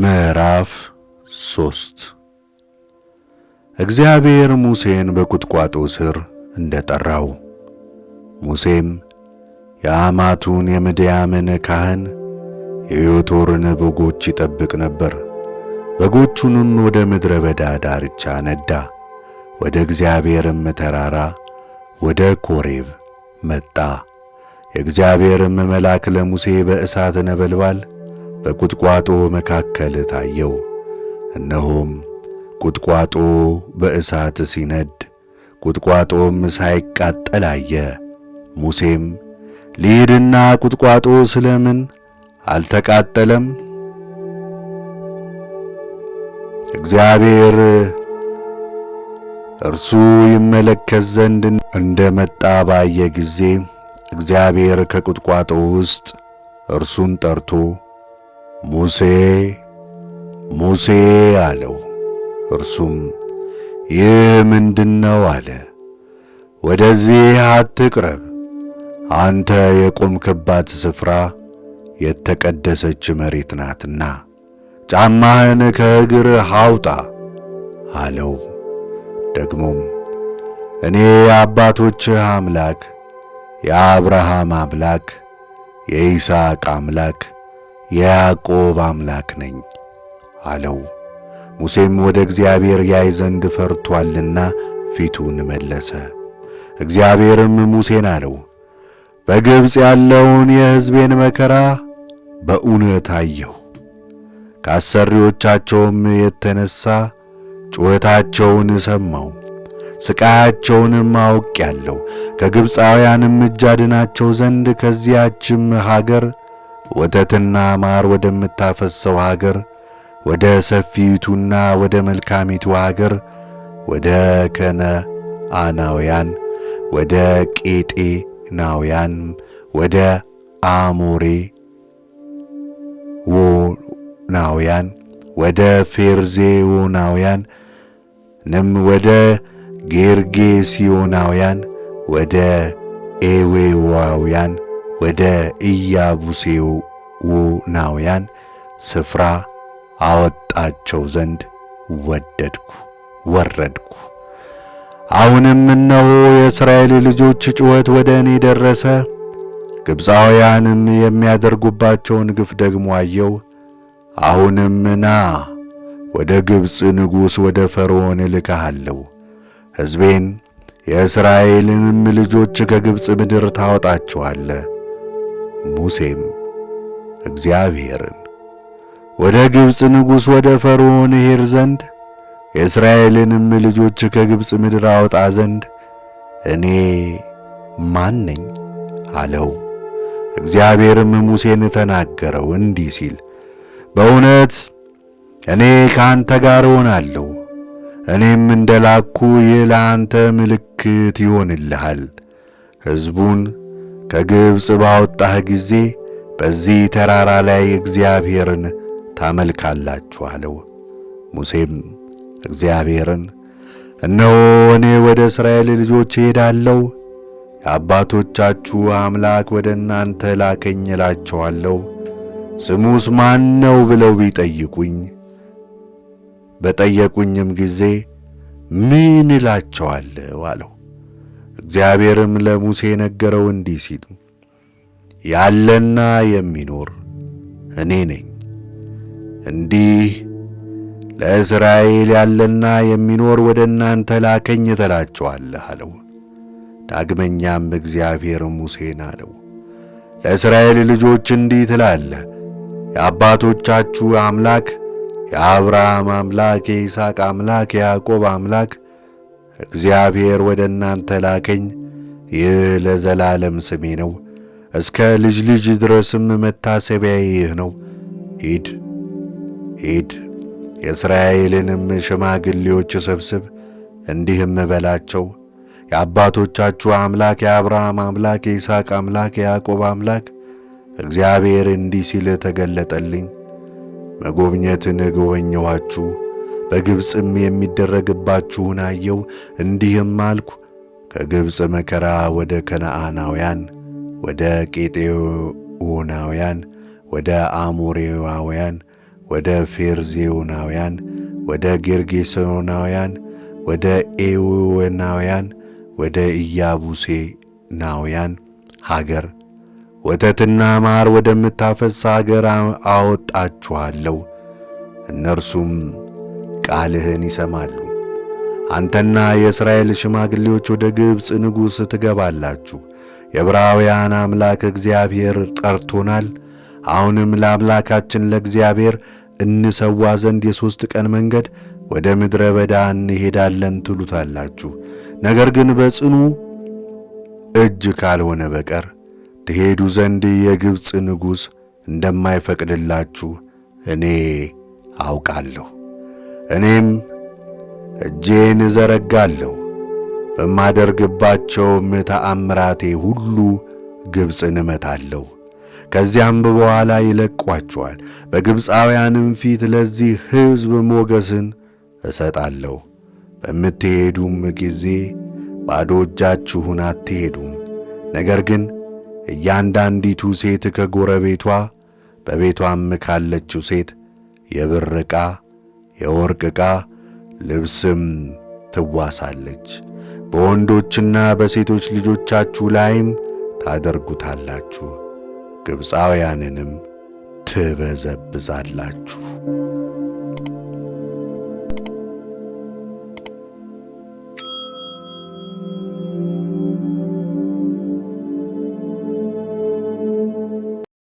ምዕራፍ ሶስት እግዚአብሔር ሙሴን በቁጥቋጦ ስር እንደጠራው። ሙሴም የአማቱን የምድያምን ካህን የዮቶርን በጎች ይጠብቅ ነበር። በጎቹንም ወደ ምድረ በዳ ዳርቻ ነዳ፣ ወደ እግዚአብሔርም ተራራ ወደ ኮሬብ መጣ። የእግዚአብሔርም መልአክ ለሙሴ በእሳት ነበልባል በቁጥቋጦ መካከል ታየው። እነሆም ቁጥቋጦ በእሳት ሲነድ ቁጥቋጦም ሳይቃጠል አየ። ሙሴም ልሂድና ቁጥቋጦ ስለምን አልተቃጠለም? እግዚአብሔር እርሱ ይመለከት ዘንድ እንደመጣ ባየ ጊዜ እግዚአብሔር ከቁጥቋጦ ውስጥ እርሱን ጠርቶ ሙሴ ሙሴ አለው። እርሱም ይህ ምንድነው? አለ። ወደዚህ አትቅረብ፣ አንተ የቆምክባት ስፍራ የተቀደሰች መሬት ናትና ጫማህን ከእግር አውጣ አለው። ደግሞም እኔ የአባቶችህ አምላክ የአብርሃም አምላክ የይስሐቅ አምላክ የያዕቆብ አምላክ ነኝ አለው። ሙሴም ወደ እግዚአብሔር ያይ ዘንድ ፈርቶአልና ፊቱን መለሰ። እግዚአብሔርም ሙሴን አለው፣ በግብፅ ያለውን የሕዝቤን መከራ በእውነት አየሁ። ከአሰሪዎቻቸውም የተነሣ ጩኸታቸውን ሰማው፣ ሥቃያቸውንም ያለው ከግብፃውያንም እጅ አድናቸው ዘንድ ከዚያችም ሀገር ወተትና ማር ወደምታፈሰው አገር ወደ ሰፊቱና ወደ መልካሚቱ አገር ወደ ከነአናውያን፣ ወደ ቄጤናውያን፣ ወደ አሞሬ ናውያን ወደ ፌርዜ ፌርዜዎናውያን ንም ወደ ጌርጌሲዮናውያን ወደ ኤዌዋውያን ወደ ወናውያን ስፍራ አወጣቸው ዘንድ ወደድኩ ወረድኩ። አሁንም እነሆ የእስራኤል ልጆች ጩኸት ወደ እኔ ደረሰ፣ ግብፃውያንም የሚያደርጉባቸውን ግፍ ደግሞ አየው። አሁንም ና ወደ ግብፅ ንጉሥ ወደ ፈርዖን እልክሃለሁ ሕዝቤን የእስራኤልንም ልጆች ከግብፅ ምድር ታወጣቸዋለህ ሙሴም እግዚአብሔርን ወደ ግብፅ ንጉሥ ወደ ፈርዖን እሄድ ዘንድ የእስራኤልንም ልጆች ከግብፅ ምድር አወጣ ዘንድ እኔ ማን ነኝ አለው። እግዚአብሔርም ሙሴን ተናገረው እንዲህ ሲል በእውነት እኔ ከአንተ ጋር እሆናለሁ፣ እኔም እንደ ላኩ ይህ ለአንተ ምልክት ይሆንልሃል ሕዝቡን ከግብፅ ባወጣህ ጊዜ በዚህ ተራራ ላይ እግዚአብሔርን ታመልካላችሁ አለው። ሙሴም እግዚአብሔርን እነሆ እኔ ወደ እስራኤል ልጆች እሄዳለሁ፣ የአባቶቻችሁ አምላክ ወደ እናንተ ላከኝ እላቸዋለሁ። ስሙስ ማን ነው ብለው ቢጠይቁኝ በጠየቁኝም ጊዜ ምን እላቸዋለሁ አለው። እግዚአብሔርም ለሙሴ ነገረው እንዲህ ሲል ያለና የሚኖር እኔ ነኝ። እንዲህ ለእስራኤል ያለና የሚኖር ወደ እናንተ ላከኝ እላችኋለሁ አለው። ዳግመኛም እግዚአብሔር ሙሴን አለው፣ ለእስራኤል ልጆች እንዲህ ትላለህ የአባቶቻችሁ አምላክ የአብርሃም አምላክ የይስሐቅ አምላክ የያዕቆብ አምላክ እግዚአብሔር ወደ እናንተ ላከኝ። ይህ ለዘላለም ስሜ ነው፣ እስከ ልጅ ልጅ ድረስም መታሰቢያ ይህ ነው። ሂድ ሂድ፣ የእስራኤልንም ሽማግሌዎች ሰብስብ፣ እንዲህም በላቸው የአባቶቻችሁ አምላክ የአብርሃም አምላክ የይስሐቅ አምላክ የያዕቆብ አምላክ እግዚአብሔር እንዲህ ሲል ተገለጠልኝ። መጎብኘትን ጎበኘኋችሁ በግብፅም የሚደረግባችሁን አየው፣ እንዲህም አልኩ፣ ከግብፅ መከራ ወደ ከነዓናውያን፣ ወደ ቄጤዎናውያን፣ ወደ አሞሬዋውያን፣ ወደ ፌርዜዮናውያን፣ ወደ ጌርጌሶናውያን፣ ወደ ኤዌናውያን፣ ወደ ኢያቡሴናውያን ሀገር ወተትና ማር ወደምታፈስ አገር አወጣችኋለሁ። እነርሱም ቃልህን ይሰማሉ። አንተና የእስራኤል ሽማግሌዎች ወደ ግብፅ ንጉሥ ትገባላችሁ። የዕብራውያን አምላክ እግዚአብሔር ጠርቶናል። አሁንም ለአምላካችን ለእግዚአብሔር እንሰዋ ዘንድ የሦስት ቀን መንገድ ወደ ምድረ በዳ እንሄዳለን ትሉታላችሁ። ነገር ግን በጽኑ እጅ ካልሆነ በቀር ትሄዱ ዘንድ የግብፅ ንጉሥ እንደማይፈቅድላችሁ እኔ አውቃለሁ። እኔም እጄን እዘረጋለሁ፣ በማደርግባቸውም ተአምራቴ ሁሉ ግብፅን እመታለሁ። ከዚያም በኋላ ይለቋቸዋል። በግብፃውያንም ፊት ለዚህ ሕዝብ ሞገስን እሰጣለሁ። በምትሄዱም ጊዜ ባዶ እጃችሁን አትሄዱም። ነገር ግን እያንዳንዲቱ ሴት ከጎረቤቷ በቤቷም ካለችው ሴት የብር ዕቃ የወርቅ ዕቃ ልብስም ትዋሳለች። በወንዶችና በሴቶች ልጆቻችሁ ላይም ታደርጉታላችሁ፣ ግብፃውያንንም ትበዘብዛላችሁ።